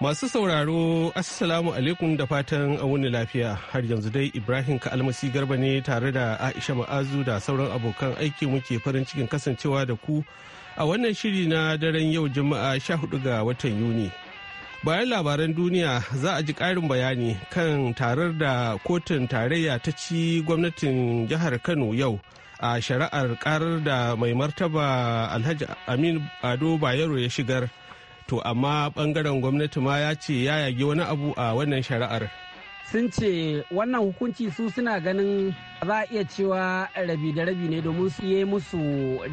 Masu sauraro, Assalamu alaikum da fatan a wuni lafiya. Har yanzu dai Ibrahim Ka'almasi Garba ne tare da Aisha Ma'azu da sauran abokan aiki muke farin cikin kasancewa da ku a wannan shiri na daren yau Juma'a 14 ga watan Yuni. Bayan labaran duniya za a ji ƙarin bayani kan tarar da kotun tarayya ta ci gwamnatin jihar Kano yau a shari'ar karar da mai martaba Alhaji Aminu Ado Bayero ya shigar. to amma bangaren gwamnati ma ya ce ya yage wani abu a wannan shari'ar sun ce wannan hukunci su suna ganin za a iya cewa rabi da rabi ne domin su yi musu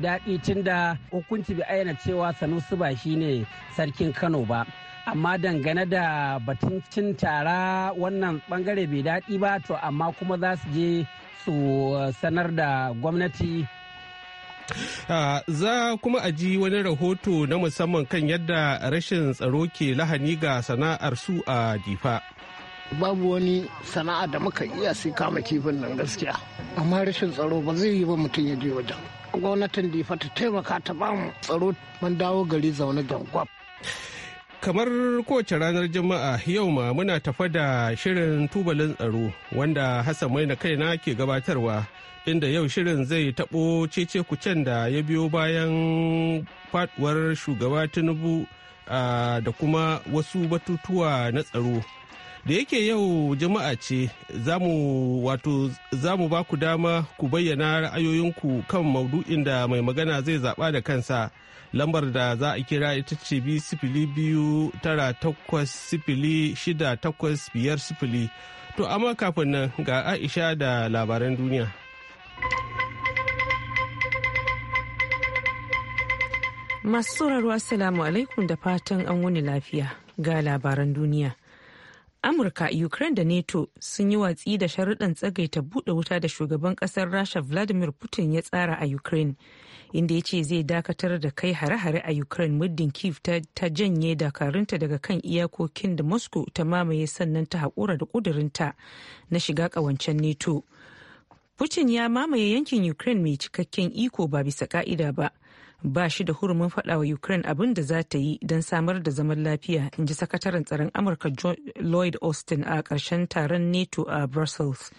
daɗi tun da hukunci bai ayyana cewa su ba shine sarkin kano ba amma dangane da batun cin tara wannan bangare bai daɗi ba to amma kuma za su je su sanar da gwamnati Ah, za kuma a ji wani rahoto na musamman kan yadda rashin tsaro ke lahani ga sana'ar su a difa. babu wani sana'a da muka iya sai kama kifin nan gaskiya amma rashin tsaro ba zai yi ba mutum ya je wajen gwamnatin difa ta taimaka ta bamu tsaro man dawo gari zaune gwab. kamar kowace ranar juma'a yau ma muna tafa da shirin tubalin tsaro wanda hassan mai na kaina ke gabatarwa inda yau shirin zai taɓo cece kucen da ya biyo bayan faduwar shugaba tinubu ah, da kuma wasu batutuwa na tsaro da yake yau jama’a ce za mu wato ba ku dama ku bayyana ra'ayoyinku kan maudu'in da mai magana zai zaɓa da kansa lambar da za a kira ita ce bi sifili biyu tara takwas sifili shida takwas biyar sifili to amma kafin nan ga aisha da labaran duniya masu sauraro assalamu alaikum da fatan an wuni lafiya ga labaran duniya amurka ukraine da nato sun yi watsi da sharuɗan tsagaita buɗe wuta da shugaban ƙasar rasha vladimir putin ya tsara a ukraine inda ya ce zai dakatar da kai hare-hare a ukraine muddin kiev ta, ta janye dakarunta daga kan iyakokin da moscow ta mamaye sannan ta haƙura da ƙudurinta na shiga ƙawancen nato putin ya mamaye yankin ukraine mai cikakken iko ba bisa ka'ida ba ba shi da hurumin faɗa wa ukraine abin da za ta yi don samar da zaman lafiya in ji sakataren tsaron amurka lloyd austin a ƙarshen taron nato a brussels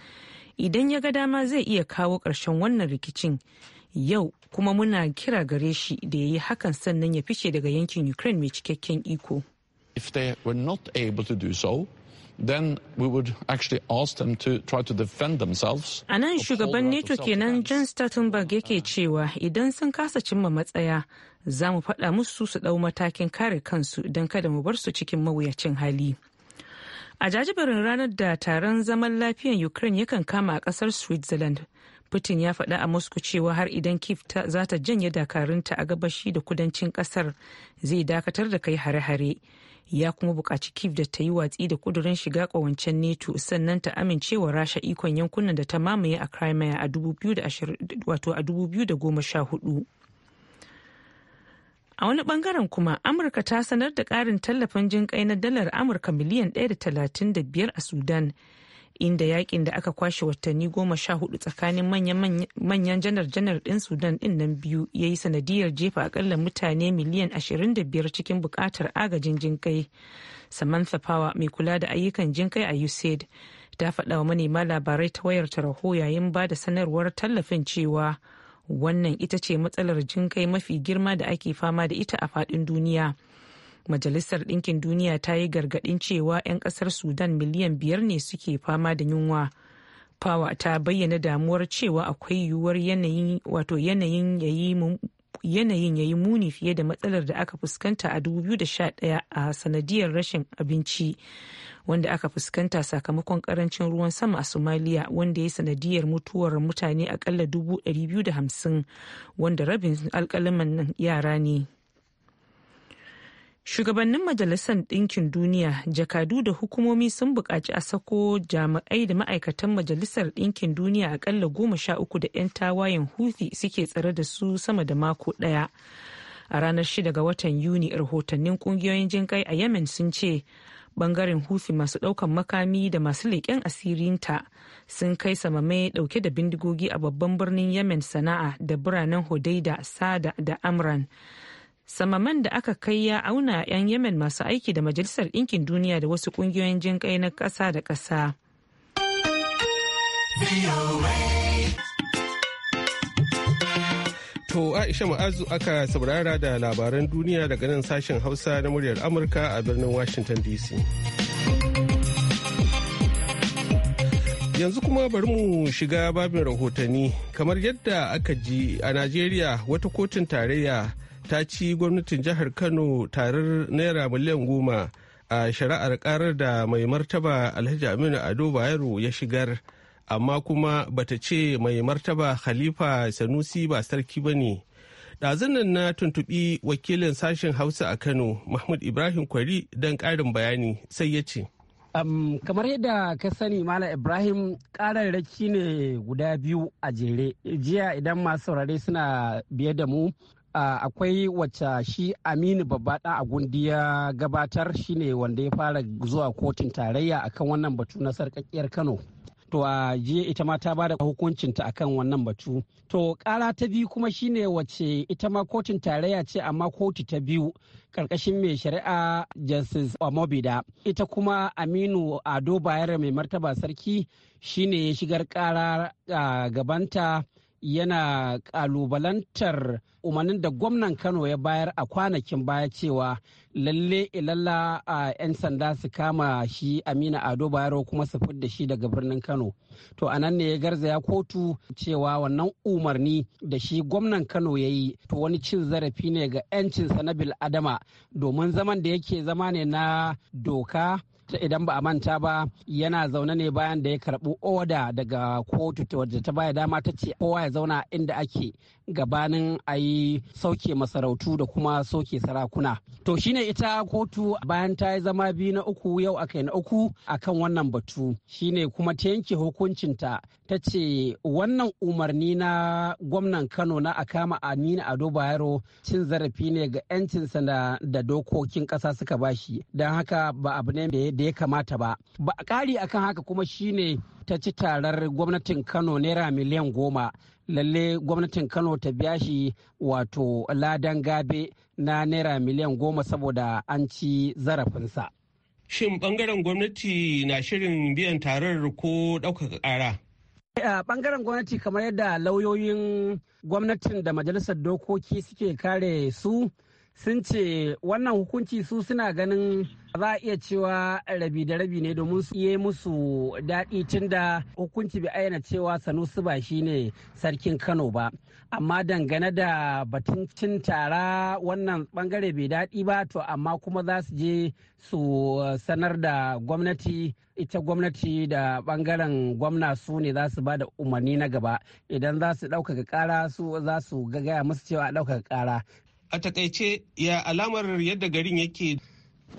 idan ya ga dama zai iya kawo ƙarshen wannan rikicin yau kuma muna kira gare shi da ya yi hakan sannan ya fice daga yankin ukraine mai cikakken iko if they were not able to do so then we would actually ask them to try to defend themselves. A nan shugaban NATO kenan John Stoltenberg yake cewa idan sun kasa cimma matsaya za mu faɗa musu su ɗau matakin kare kansu don kada mu bar su cikin mawuyacin hali. A jajibirin ranar da taron zaman lafiyan Ukraine yakan kama a ƙasar Switzerland. putin ya faɗa a moscow cewa har idan kif za ta janye dakarunta a gabashi da kudancin ƙasar zai dakatar da kai hare-hare ya kuma buƙaci kif da ta yi watsi da kudurin shiga ƙawancen neto sannan ta amincewa rasha ikon yankunan da ta mamaye a crimea a goma sha hudu. A wani bangaren kuma Amurka ta sanar da ƙarin tallafin jinƙai na dalar Amurka miliyan 1.35 a Sudan inda yakin da aka kwashe watanni goma sha hudu tsakanin manyan janar-janar din sudan din nan biyu ya yi sanadiyar jefa akalla mutane miliyan 25 cikin bukatar agajin jinkai samantha power mai kula da ayyukan jinkai a usaid ta faɗa wa manema labarai ta wayar taraho yayin ba da sanarwar tallafin cewa wannan ita ce matsalar jinkai mafi girma da ake fama da ita a faɗin duniya. majalisar ɗinkin duniya ta yi gargaɗin cewa 'yan ƙasar sudan miliyan biyar ne suke fama da yunwa fawa ta bayyana damuwar cewa akwai yiwuwar yanayin yanayin yanayin ya muni fiye da matsalar da aka fuskanta a 2011 a sanadiyar rashin abinci wanda aka fuskanta sakamakon karancin ruwan sama a somalia wanda ya sanadiyar mutuwar mutane akalla 250 wanda rabin alkalaman yara ne Shugabannin Majalisar Ɗinkin Duniya, jakadu da hukumomi sun buƙaci a sako jami'ai da ma'aikatan Majalisar Ɗinkin Duniya akalla goma sha uku da 'yan tawayen Houthi suke tsare da su sama da mako ɗaya. A ranar shida ga watan Yuni, rahotannin ƙungiyoyin jinƙai a Yemen sun ce ɓangaren Houthi masu ɗaukan makami da masu leƙen asirinta sun kai mai ɗauke da bindigogi a babban birnin Yemen sana'a da biranen Hodeida, Sada da Amran. samaman da aka kai ya auna 'yan yemen masu aiki da majalisar ɗinkin duniya da wasu ƙungiyoyin jin ƙai na ƙasa da ƙasa To Aisha Ma'azu aka saurara da labaran duniya daga nan sashen Hausa na muryar Amurka a birnin Washington DC. Yanzu kuma bari mu shiga babin rahotanni kamar yadda aka ji a Najeriya wata kotun tarayya ta ci gwamnatin jihar kano tarar naira miliyan goma a shari'ar karar da mai martaba alhaji aminu ado bayero ya shigar amma kuma bata ce mai martaba khalifa sanusi ba sarki ba ne ɗazunan na tuntuɓi wakilin sashen hausa a kano mahmud ibrahim kwari don ƙarin bayani sai ya ce Um, kamar yadda ka sani Malam Ibrahim ƙararraki ne guda biyu a jere. Jiya idan masu saurare suna biye da mu akwai wacce shi aminu babba a gundi ya gabatar shine wanda ya fara zuwa kotun tarayya akan wannan batu na sarkakiyar kano to a jiya ita ma ta bada hukuncinta akan wannan batu to kara ta biyu kuma shine wace ita ma kotun tarayya ce amma kotu ta biyu karkashin mai shari'a justice omobida ita kuma aminu ado bayar mai martaba sarki shine ya shigar kara gabanta yana kalubalantar umarnin da gwamnan kano ya bayar a kwanakin baya cewa lalle ilalla a 'yan sanda su kama shi amina ado bayero kuma su fidda shi daga birnin kano to anan ne ya garzaya kotu cewa wannan umarni da shi gwamnan kano ya yi to wani cin zarafi ne ga 'yancinsa na adama domin zaman da yake zama ne na doka idan ba a manta ba yana zaune ne bayan da ya karɓi oda daga kotu wadda ta baya dama ta ce kowa ya zauna inda ake gabanin a yi sauke masarautu da kuma sauke sarakuna to shine ita kotu bayan ta yi zama biyu na uku yau aka yi na uku akan wannan batu shine kuma ta yanke hukuncinta ta ce wannan umarni na gwamnan kano na akama aminu ado bayero cin zarafi ne ga 'yancinsa da dokokin ƙasa suka bashi don haka ba abu ne yadda ya kamata ba ba a ƙari akan haka kuma shine ta ci tarar gwamnatin kano naira miliyan goma lalle gwamnatin kano ta biya shi wato ladan gabe na naira miliyan goma saboda an ci zarafinsa shin bangaren gwamnati na shirin biyan tarar ko ɗaukaka ƙara a bangaren gwamnati kamar yadda lauyoyin gwamnatin da majalisar dokoki suke kare su sun ce wannan hukunci su suna ganin za a iya cewa rabi da rabi ne domin su yi musu daɗi tun da hukunci bai ayyana cewa sanusi ba shi ne sarkin kano ba amma dangane da batun cin tara wannan bangare bai daɗi ba to amma kuma za su je su sanar da gwamnati ita gwamnati da bangaren gwamna su ne za su ba da umarni na gaba idan za su ɗaukaka ƙara su za su gaya musu cewa ɗaukaka ƙara a takaice ya alamar yadda garin yake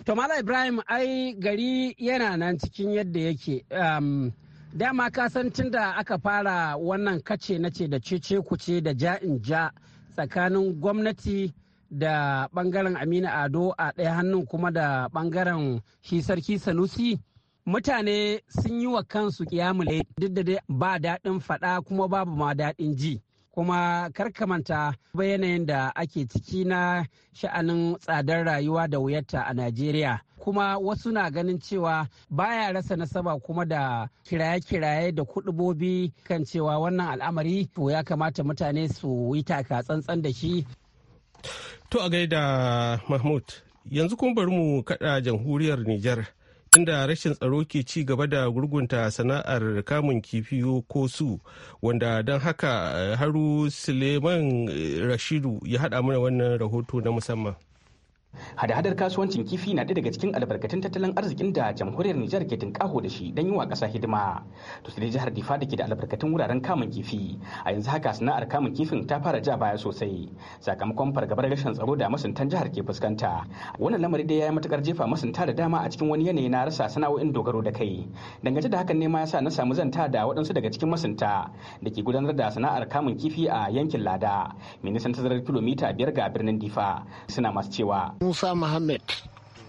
to mala ibrahim ai gari yana nan cikin yadda yake um, dama ka san tun da aka fara wannan kace na ce da cece kuce da ja in ja tsakanin gwamnati da bangaren amina ado a ɗaya hannun kuma da bangaren shi sarki sanusi mutane sun yi wa kansu kiyamule duk da dai ba daɗin faɗa kuma babu ma daɗin ji kuma karkamanta yanayin da ake ciki na sha'anin tsadar rayuwa da wuyarta a najeriya kuma wasu na ganin cewa baya rasa nasaba kuma da kiraye-kiraye da kudubobi kan cewa wannan al'amari to ya kamata mutane su yi taka tsantsan da shi to a gaida mahmud yanzu kuma bari mu kaɗa jamhuriyar nijar inda rashin tsaro ke ci gaba da gurgunta sana'ar kamun kifi ko su wanda don haka eh, haru suleiman eh, rashidu ya haɗa mana wannan rahoto na musamman hada-hadar kasuwancin kifi na ɗaya daga cikin albarkatun tattalin arzikin da jamhuriyar nijar ke tunƙaho da shi don yi wa ƙasa hidima to sai jihar difa da ke da albarkatun wuraren kamun kifi a yanzu haka sana'ar kamun kifin ta fara ja baya sosai sakamakon fargabar rashin tsaro da masuntan jihar ke fuskanta wannan lamari dai ya yi matukar jefa masunta da dama a cikin wani yanayi na rasa sana'o'in dogaro da kai dangance da hakan ne ma ya sa na samu zanta da waɗansu daga cikin masunta da ke gudanar da sana'ar kamun kifi a yankin lada Ministan tazarar kilomita biyar ga birnin difa suna masu cewa musa muhammad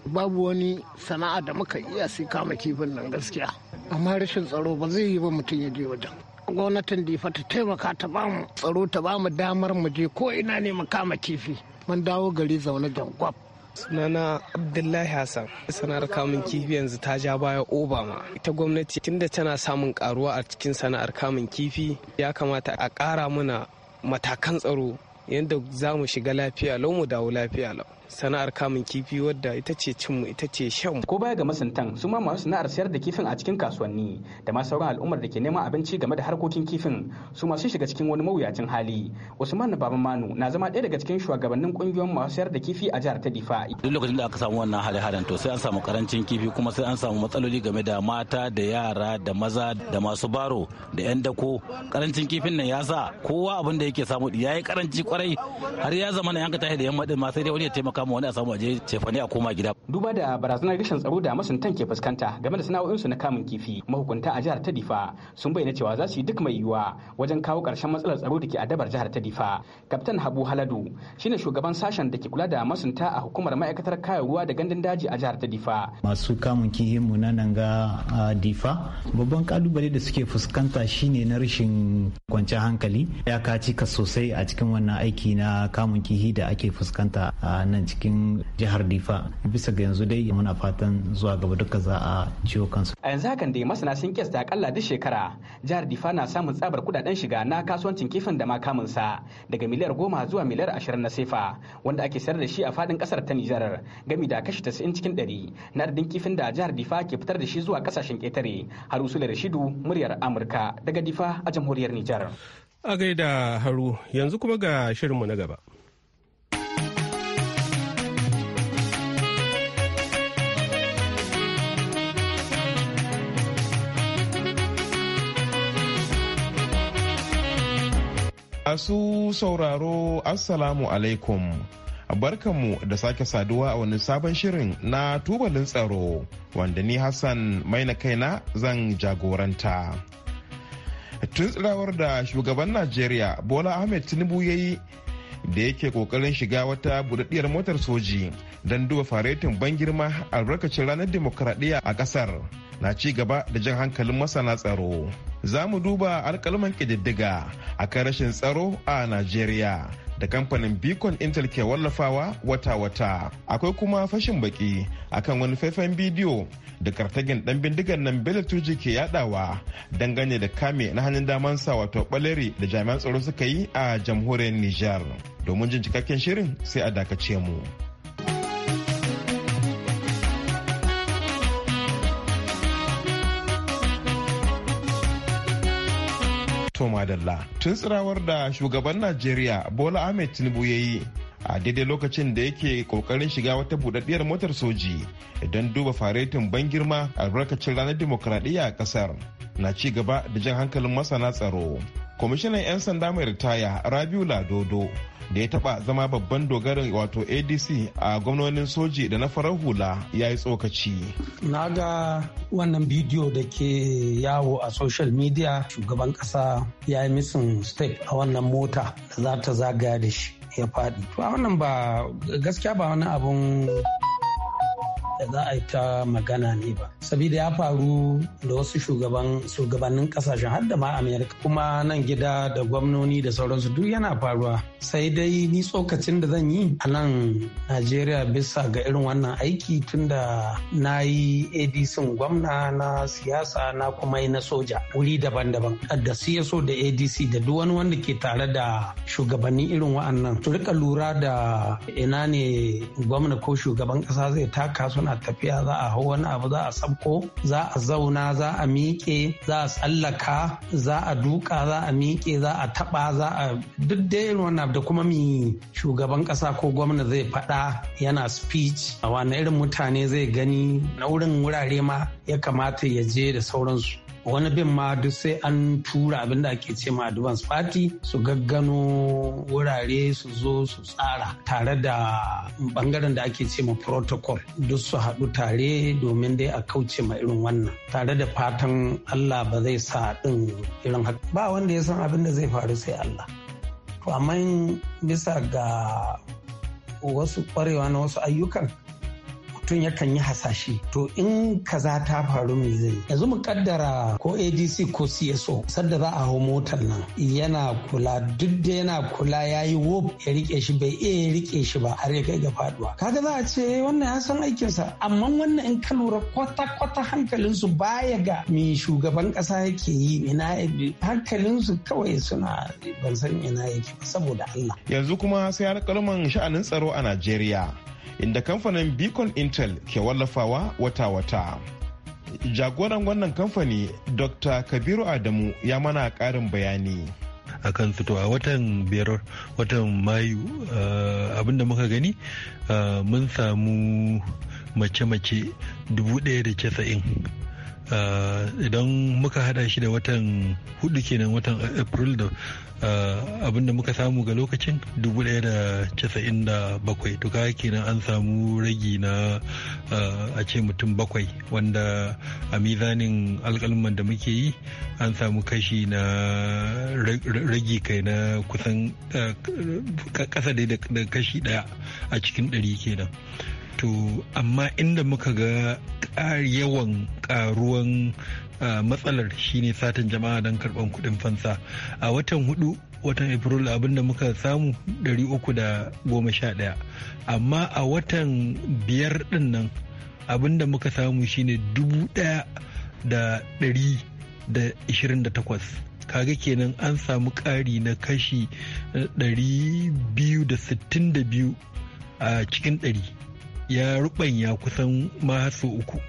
babu wani sana'a da muka iya sai kama kifin nan gaskiya amma rashin tsaro ba zai yi ba mutum ya je wajen gwamnatin difa ta taimaka ta ba mu tsaro ta ba mu damar mu je ko ina ne mu kama kifi mun dawo gari zaune jangwab sunana abdullahi hassan sana'ar kamun kifi yanzu ta ja baya obama ita gwamnati tunda tana samun karuwa a cikin sana'ar kamun kifi ya kamata a kara mana matakan tsaro yadda za mu shiga lafiya lau mu dawo lafiya lau sana'ar kamun kifi wadda ita ce cinmu ita ce shan ko baya ga masuntan su ma masu sana'ar sayar da kifin a cikin kasuwanni da ma sauran al'ummar da ke neman abinci game da harkokin kifin su masu shiga cikin wani mawuyacin hali usman baban manu na zama ɗaya daga cikin shugabannin kungiyoyin masu sayar da kifi a jihar ta difa duk lokacin da aka samu wannan hali halin to sai an samu karancin kifi kuma sai an samu matsaloli game da mata da yara da maza da masu baro da yan dako karancin kifin nan ya sa kowa abin da yake samu ya yi karanci kwarai har ya zama na yanka tashi da yamma din ma sai dai wani ya taimaka kama wani a samu aje cefane a koma gida. Duba da barazanar rashin tsaro da masuntan ke fuskanta game da sana'o'insu na kamun kifi mahukunta a jihar tadifa sun bayyana cewa za su yi duk mai yiwuwa wajen kawo ƙarshen matsalar tsaro da ke adabar jihar tadifa Kaftan Habu Haladu shine shugaban sashen da ke kula da masunta a hukumar ma'aikatar kayan ruwa da gandun daji a jihar tadifa. Masu kamun kifin mu na nan ga Difa babban kalubale da suke fuskanta shine na rashin kwanciyar hankali ya kaci ka sosai a cikin wannan aiki na kamun kifi da ake fuskanta a nan cikin jihar difa bisa ga yanzu dai muna fatan zuwa gaba duka za a ciwo kansu a yanzu hakan dai masana sun kesta akalla duk shekara jihar difa na samun tsabar kudaden shiga na kasuwancin kifin da ma kamunsa daga miliyar goma zuwa miliyar ashirin na sefa wanda ake sayar da shi a fadin kasar ta nijar gami da kashi tasa'in cikin ɗari na adadin kifin da jihar difa ke fitar da shi zuwa kasashen ƙetare har usula rashidu muryar amurka daga difa a jamhuriyar nijar a gaida haru yanzu kuma ga shirinmu na gaba Masu sauraro Assalamu alaikum. Barkanmu da sake saduwa a wani sabon shirin na tubalin tsaro wanda ni Hassan maina kaina zan jagoranta. Tun tsirawar da shugaban Najeriya Bola Ahmed Tinubu ya yi da yake kokarin shiga wata budaddiyar motar soji don duba faretin ban girma albarkacin ranar demokradiyya a kasar na ci gaba da jan hankalin masana tsaro za mu duba alkalman kididdiga a kan rashin tsaro a najeriya da kamfanin beacon intel ke wallafawa wata-wata akwai kuma fashin baki akan wani faifan bidiyo da kartagin dan bindigan nan turji ke yadawa dangane da kame na hannun damansa wato baleri da jami'an tsaro suka yi a jamhuriyar niger domin jin cikakken shirin sai a dakace mu To dalla tun tsirawar da shugaban Najeriya Bola Ahmed Tinubu ya yi a daidai lokacin da yake kokarin shiga wata budaddiyar motar soji don duba faretin ban girma albarkacin ranar dimokuraɗiyya a ƙasar na ci gaba da jan hankalin masana tsaro. Kwamishinan 'yan sanda mai ritaya Rabiu Ladodo da ya taba zama babban dogarin wato adc a gwamnonin soji da na farar hula ya yi tsokaci na ga wannan bidiyo da ke yawo a social media shugaban kasa ya yi misin step a wannan mota da za ta zagaya da shi ya faɗi. wannan ba gaskiya ba wani abun da za a yi ta magana ne ba sabida ya faru da wasu shugaban shugabannin kasashen har da ma amerika kuma nan gida da gwamnoni da sauransu duk yana faruwa sai dai ni tsokacin da zan yi a nan najeriya bisa ga irin wannan aiki tun da na yi adc gwamna na siyasa na kuma yi na soja wuri daban-daban da cso da adc da duk wani wanda ke tare da shugabannin irin wa'annan su rika lura da ina ne gwamna ko shugaban kasa zai taka suna ana tafiya za a hau wani abu za a sabko za a zauna za a miƙe za a tsallaka za a duka za a miƙe za a taɓa za a duk dai irin wannan da kuma mi shugaban ƙasa ko gwamna zai faɗa yana speech a wani irin mutane zai gani na wurin wurare ma ya kamata ya je da sauransu wani bin ma duk sai an tura abin da ake ce ma advance party su gaggano wurare su zo su tsara tare da bangaren da ake ce ma protocol duk su haɗu tare domin dai a kauce ma irin wannan tare da fatan allah ba zai sa ɗin irin haka ba wanda ya san abin da zai faru sai allah to amma bisa ga wasu kwarewa na wasu ayyukan mutum yakan yi hasashe to in kaza ta faru me zai yanzu mu kaddara ko adc ko cso sadda za a hau motar nan yana kula duk da yana kula ya yi wop ya rike shi bai iya rike shi ba har ya kai ga faduwa kaga za a ce eh, wannan ya san aikinsa amma wannan in ka lura kwata-kwata hankalinsu baya ga me shugaban kasa yake yi ina hankalinsu kawai suna ban san ina yake ba saboda Allah yanzu kuma sai har kalman sha'anin tsaro a Najeriya inda kamfanin beacon intel ke wallafawa wata-wata jagoran wannan kamfani dr kabiru adamu ya mana karin bayani a kan fito a watan biyar watan mayu eh, abinda muka gani eh, mun samu mace-mace 1,090 Eh, idan muka hada shi da watan hudu kenan watan april da eh, abinda muka samu ga lokacin 1997 to kaga kenan an samu ragi na eh, a ce mutum bakwai wanda a mizanin alkalman da muke yi an samu kashi na ragi kai na kusan kasa da kashi daya a cikin ɗari kenan. to amma inda muka ga yawan karuwan matsalar shine satin jama'a don karban kudin fansa a watan hudu watan april abinda muka samu 311 amma a watan biyar din nan abinda muka samu shine 1,128 kaga kenan an samu ƙari na kashi 262 eh, a cikin ɗari. ya rubanya kusan ma uku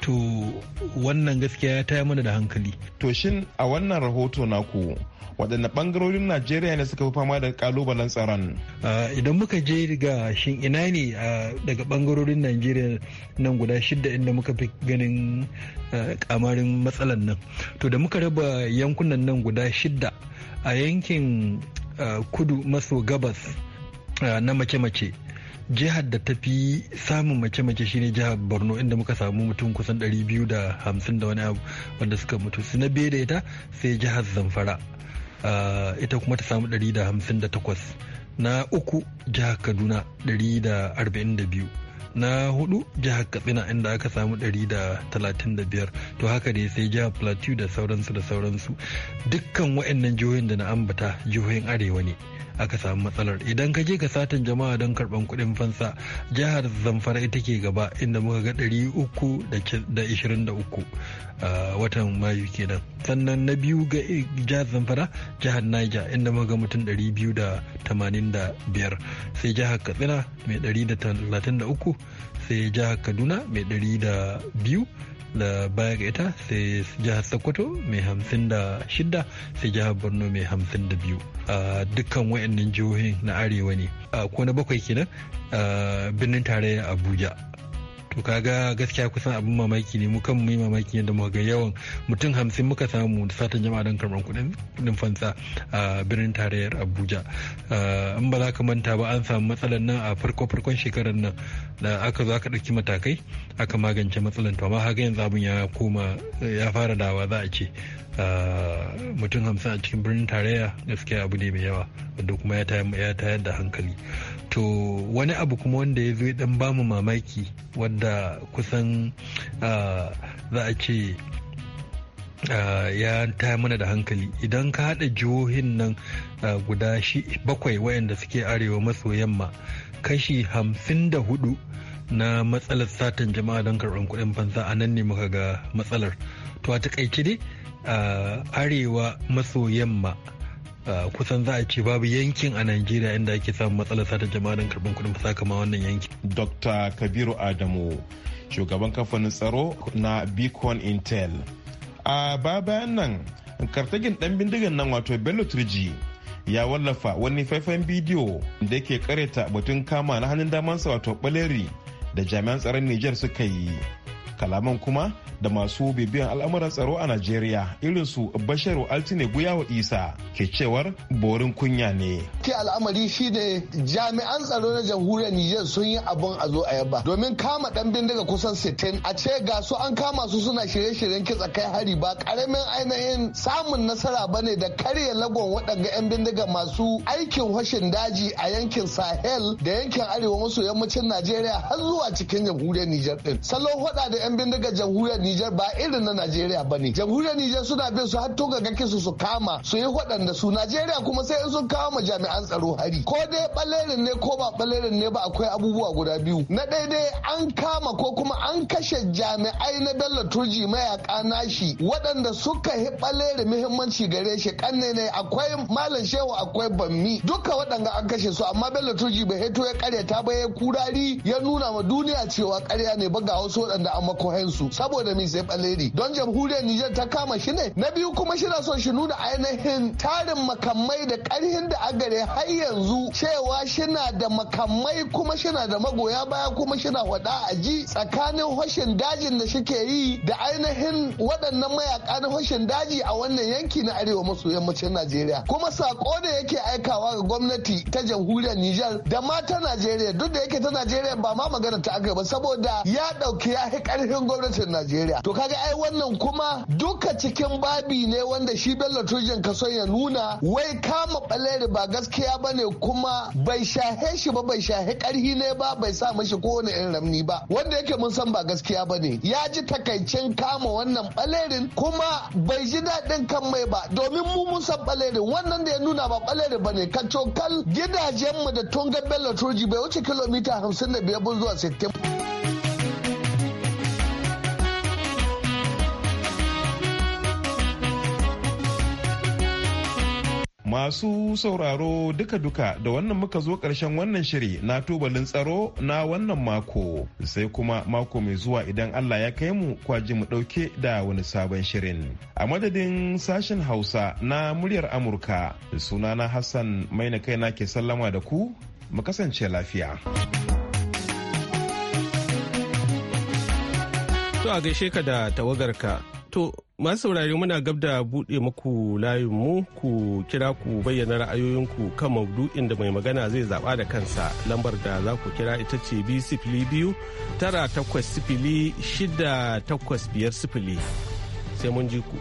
to wannan gaskiya ya taya mana da hankali to shin a wannan rahoto naku waɗanne ɓangarorin najeriya ne suka fi fama da kalubalen tsaron idan muka je ga shin ina ne daga ɓangarorin najeriya nan guda shidda inda muka fi ganin kamarin matsalan nan to da muka raba yankunan nan guda shidda a yankin kudu maso gabas na mace-mace jihar da ta fi samun mace-mace shine jihar borno inda muka samu mutum kusan 250 da wani abu wanda suka mutu su na da ita sai jihar zamfara ah, ita kuma ta samu 158 na uku jihar kaduna 142 na hudu jihar katsina inda aka samu 135 to haka dai sai jihar plateau da sauransu da sauransu dukkan waɗannan jihohin da na ambata jihohin arewa ne aka samu matsalar idan ka je ka satan jama'a don karban kuɗin fansa jihar zamfara ita ke gaba inda muka ga 323 watan mayu kenan sannan na biyu ga eh, jihar zamfara jihar niger inda muka ga mutum 285 sai jihar katsina mai 133 sai jihar kaduna mai ɗari da biyu da baya ga ita sai jihar sokoto mai hamsin da shida sai jihar borno mai hamsin da biyu a dukkan wayannan jihohin na arewa ne ko na bakwai kenan birnin tarayya abuja to kaga gaskiya kusan abin mamaki ne mu kan mu yi mamaki yadda muka ga yawan mutum hamsin muka samu da satan jama'a don karɓar kuɗin fansa a birnin tarayyar abuja in ba za ka manta ba an samu matsalar nan a farko farkon shekarar nan da aka zo aka ɗauki matakai aka magance matsalar to amma haka yanzu abin ya koma ya fara dawa za a ce mutum hamsin a cikin birnin tarayya gaskiya abu ne mai yawa wanda kuma ya tayar da hankali. to wani abu kuma wanda ya zo ya dan bamu mamaki wanda kusan ah, za a ce ah, ya taya mana da hankali idan ka haɗa jihohin nan ah, guda shi bakwai wayanda suke arewa maso yamma kashi hamsin da hudu na matsalar satan jama'a don karɓar kuɗin fansa a nan ne muka ga matsalar to a takaice dai arewa maso yamma kusan za a ce babu yankin a Najeriya inda ake samun matsalar sata jama'a don karɓar kuɗin fasa kama wannan yanki. Dr. Kabiru Adamu, shugaban kamfanin tsaro na Beacon Intel. A ba bayan nan, kartagin ɗan bindigan nan wato Bello Turji ya wallafa wani faifan bidiyo da yake kareta batun kama na hannun damansa wato Baleri da jami'an tsaron Nijar suka yi. Kalaman kuma da masu bibiyan al'amuran tsaro a Najeriya irin su Basharu Altine Guyawa Isa ke cewar borin kunya ne. Ke al'amari shi ne jami'an tsaro na jamhuriyar Nijar sun yi abun a zo a yaba domin kama dan bindiga kusan 60 a ce ga su an kama su suna shirye-shiryen kitsa kai hari ba karamin ainihin samun nasara ba ne da karya lagon waɗanga 'yan bindiga masu aikin hashin daji a yankin Sahel da yankin arewa maso yammacin Najeriya har zuwa cikin jamhuriyar Nijar ɗin. Salon hada da 'yan bindiga jamhuriyar Nijar ba irin na Najeriya ba ne. Jamhuriyar Nijar suna bin su har toga ga su su kama su yi waɗanda su Najeriya kuma sai in sun kama jami'an tsaro hari. Ko dai ɓalerin ne ko ba ɓalerin ne ba akwai abubuwa guda biyu. Na daidai an kama ko kuma an kashe jami'ai na Bello Turji mayaka nashi waɗanda suka yi ɓalerin muhimmanci gare shi kanne ne akwai Malam Shehu akwai Bammi duka waɗanda an kashe su amma Bello Turji bai heto ya ta ba ya kurari ya nuna ma duniya cewa karya ne ba ga wasu waɗanda an makohensu saboda malami sai baleri don jamhuriyar Nijar ta kama shi ne na biyu kuma shi na son shi nuna ainihin tarin makamai da karhin da agare har yanzu cewa shi na da makamai kuma shi na da magoya baya kuma shi na hada a ji tsakanin hoshin dajin da shi ke yi da ainihin waɗannan mayaka na hoshin daji a wannan yanki na arewa maso yammacin Najeriya kuma sako da yake aikawa ga gwamnati ta jamhuriyar Nijar da ma ta Najeriya duk da yake ta Najeriya ba ma magana ta aka ba saboda ya ɗauki ya karhin gwamnatin Najeriya Somalia. To kaga ai wannan kuma duka cikin babi ne wanda shi Bello Turjin ka son ya nuna wai kama ɓaleri ba gaskiya ba ne kuma bai shahe shi ba bai shahe ƙarhi ne ba bai sa mashi kowane irin ramni ba wanda yake mun san ba gaskiya ba ne ya ji takaicin kama wannan ɓalerin kuma bai ji daɗin kan mai ba domin mu mun san ɓalerin wannan da ya nuna ba ɓaleri ba ne ka cokal gidajenmu da tunga Bello Turji bai wuce kilomita 55 zuwa 60. Masu sauraro duka-duka da wannan muka zo ƙarshen wannan shiri na tubalin tsaro na wannan mako sai kuma mako mai zuwa idan Allah ya kai mu kwaji mu dauke da wani sabon shirin. A madadin sashen Hausa na muryar Amurka sunana Hassan maina kaina ke sallama da ku mu kasance lafiya. To a gaishe ka da tawagarka. To, masu saurari muna gab da buɗe muku mu ku kira ku bayyana ra'ayoyinku kan maudu'in da mai magana zai zaɓa da kansa lambar da za ku kira ita ce bi sifili biyu tara takwas sifili shida takwas biyar sifili sai mun ji ku.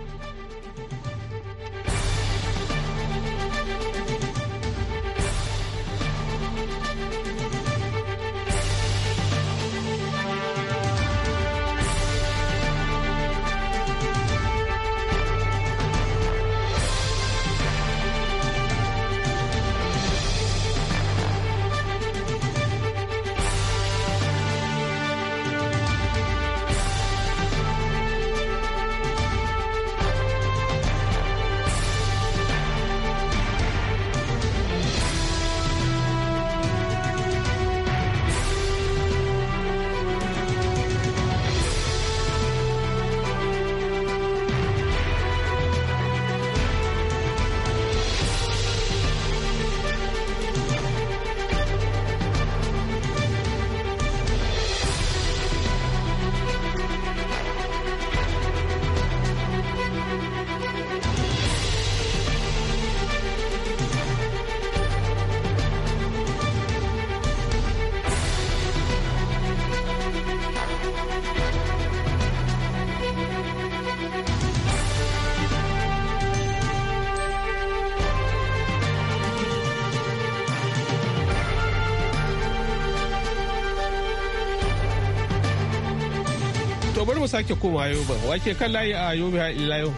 sake koma yoba wake kan layi a yobe ha ila yau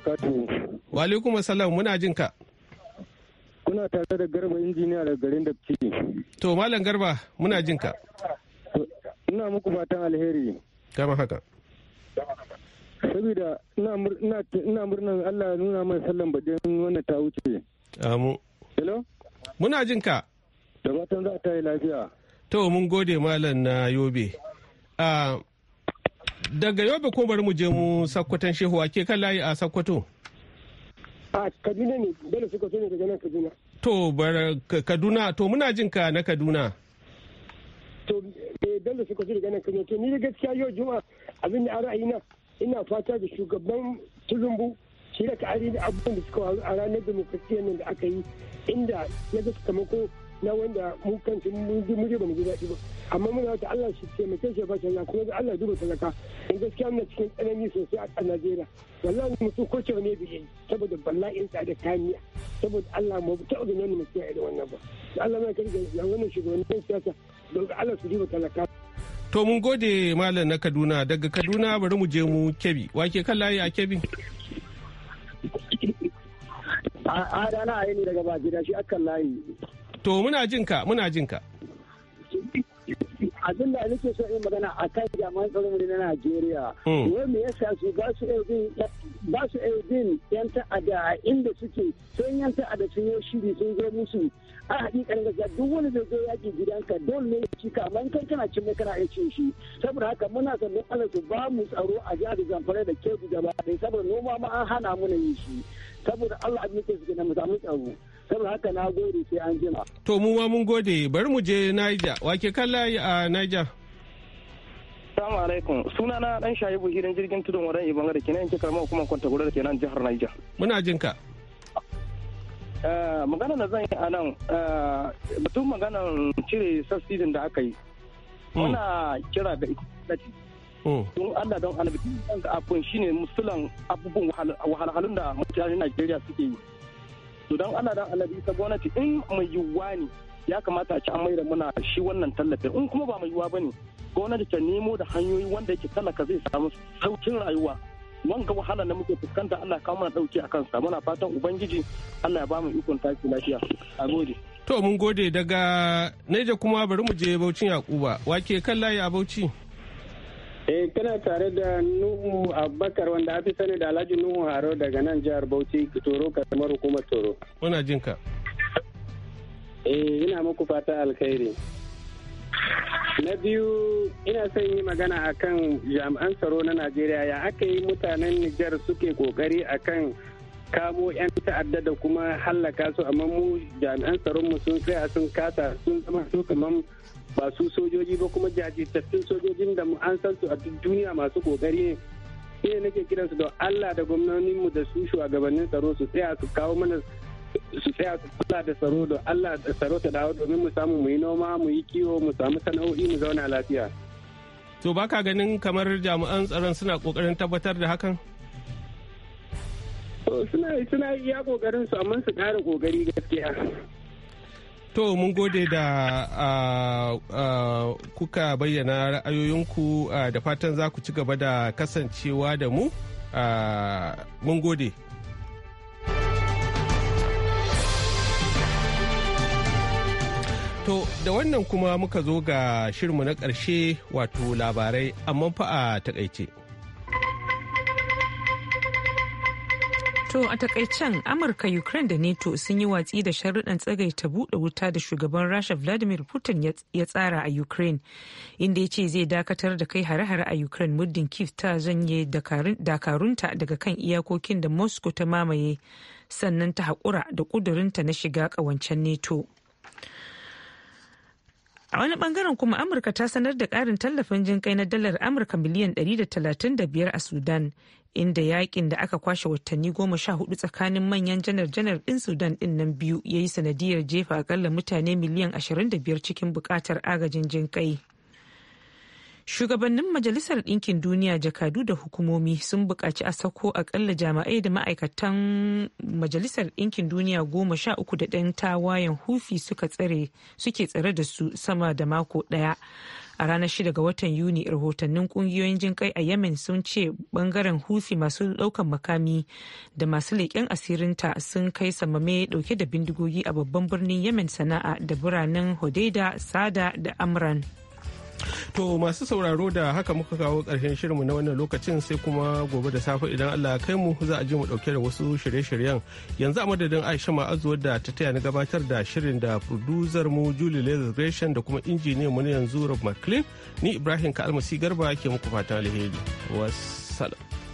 assalamu alaikum wa wa muna jin ka kuna tare da garba injiniya da garin da to malam garba muna jin ka ina muku fatan alheri kama haka saboda ina murnan Allah nuna mai sallan bajen wannan ta wuce. Amu. Hello? Muna jin ka. Da fatan za ta yi lafiya. To mun gode malam na Yobe. Daga Yobe ko bari mu je mu sakkwaton shehu ake kan layi a sakkwato? A Kaduna ne, Bello Sokoto ne daga nan Kaduna. To bar Kaduna, to muna jin ka na Kaduna. To eh, Bello Sokoto daga nan Kaduna, to ni da gaskiya yau Juma'a abin da ra'ayina ina fata da shugaban Tulumbu shi da ka da abubuwan da suka a ranar demokrasiyyar nan da aka yi inda ya ga sakamako na wanda mu kanci mu ji ba mu ji daɗi ba amma muna wata Allah shi mu shi ba talaka kuma da Allah duba talaka in gaskiya muna cikin tsanani sosai a Najeriya wallahi mutum ko cewa ne bi yi saboda bala'in tsada kamiya saboda Allah mu ta ga nan mutum ya da wannan ba Allah mai kirga ya wannan shugabannin siyasa don Allah su duba talaka to mun gode malam na Kaduna daga Kaduna bari mu je mu Kebbi wake kan layi a Kebbi a dana a yi ne daga ba gida shi akan layi To muna jin ka muna jin ka. Abin da nake so in magana a kan jami'an tsaron na Najeriya. Hmm. Wai me yasa su ba su ba su yan ta'adda a inda suke sun yan ta'adda sun yi shiri sun zo musu a hakikar gaskiya duk wani da zo yaki ka dole ne ci ka amma kai kana cin kana iya cin shi saboda haka muna son don Allah su ba mu tsaro a jihar Zamfara da Kebbi gaba ɗaya saboda noma ma an hana mu na yin shi saboda Allah abin da suke na mu samu tsaro. saboda haka na gode sai an jima. To mu ma mun gode bari mu je Niger wake layi a Niger. Assalamu alaikum suna na dan buhi hirin jirgin tudun wadan Ibanga da kenan yake karamar hukumar Kwantagoro da kenan jihar Niger. Muna jin ka. Eh, magana da zan yi a nan eh, batun maganan cire subsidin da aka yi hmm. muna kira da gwamnati oh. don Allah don annabi kan ga abun shine musulan abubuwan wahalhalun da mutane Najeriya suke yi to dan ana dan alabi ta gwamnati in mai yiwuwa ne ya kamata a ci an maida muna shi wannan tallafin in kuma ba mai yiwuwa bane gwamnati ta nemo da hanyoyi wanda yake talaka zai samu saukin rayuwa wanga wahala na muke fuskanta Allah kawo mana dauke akan sa muna fatan ubangiji Allah ya bamu ikon taki lafiya a gode to mun gode daga naija kuma bari mu je Bauchin Yakuba wake kan layi a Bauchi Eh kana tare da Nuhu Abubakar wanda afi sani da Alhaji Nuhu Haro daga nan jihar Bauchi Toro kamar hukumar Toro. Muna jin ka. Eh ina muku fata alkhairi. Na biyu ina son yi magana akan jami'an tsaro na Najeriya ya aka yi mutanen Nijar suke kokari akan kamo 'yan ta'adda da kuma hallaka su amma mu jami'an tsaronmu sun tsaya sun kasa sun zama su kamar ba su sojoji ba kuma jajirtattun sojojin da mu an san su a duniya masu kokari ne ne nake su don Allah da gwamnoninmu da su shugabannin tsaro su tsaya su kawo mana su tsaya su kula da tsaro don Allah da tsaro ta dawo domin mu samu mu yi noma mu yi kiwo mu samu sana'o'i mu zauna lafiya. To baka ganin kamar jami'an tsaron suna kokarin tabbatar da hakan? suna suna iya kokarin su amma su gaskiya To mun gode da kuka bayyana ra'ayoyinku da fatan za ku ci gaba da kasancewa da mu. Mun gode. To da wannan kuma muka zo ga shirmu na ƙarshe wato labarai amma fa a takaice. To a takaicen Amurka, Ukraine da NATO sun yi watsi da sharuɗan tsagaita buɗe wuta da shugaban Rasha Vladimir Putin ya tsara a Ukraine, inda ya ce zai dakatar da kai hare-hare a Ukraine muddin Kiev ta janye dakarunta daga kan iyakokin da Moscow ta mamaye sannan ta haƙura da ƙudurinta na shiga ƙawancen NATO. A wani bangaren kuma Amurka ta sanar da ƙarin tallafin jin kai na dalar Amurka miliyan 135 a Sudan, inda yakin da aka kwashe watanni goma sha hudu tsakanin manyan janar-janar ɗin Sudan ɗin nan biyu ya yi sanadiyar jefa akalla mutane miliyan 25 cikin buƙatar agajin jin kai. shugabannin majalisar ɗinkin duniya jakadu da hukumomi sun buƙaci a sako akalla jami'ai da ma'aikatan majalisar ɗinkin duniya goma sha uku da ɗan tawayen hufi suka tsare suke tsare da su sama da mako ɗaya a ranar shida ga watan yuni rahotannin ƙungiyoyin jin kai a yemen sun ce ɓangaren hufi masu ɗaukan makami da masu leƙen asirinta sun kai samame ɗauke da bindigogi a babban birnin yemen sana'a da biranen hodeida sada da amran To masu sauraro da haka muka kawo ƙarshen shirinmu na wannan lokacin sai kuma gobe da safe idan Allah ya kai mu za a ji mu ɗauke da wasu shirye-shiryen. Yanzu a madadin Aisha Ma'azu da ta taya ni gabatar da shirin da producer mu Julie Lazar Gresham da kuma injiniyan mu na yanzu Rob McLean ni Ibrahim Ka'almasi Garba ke muku fatan alheri. Wassalam.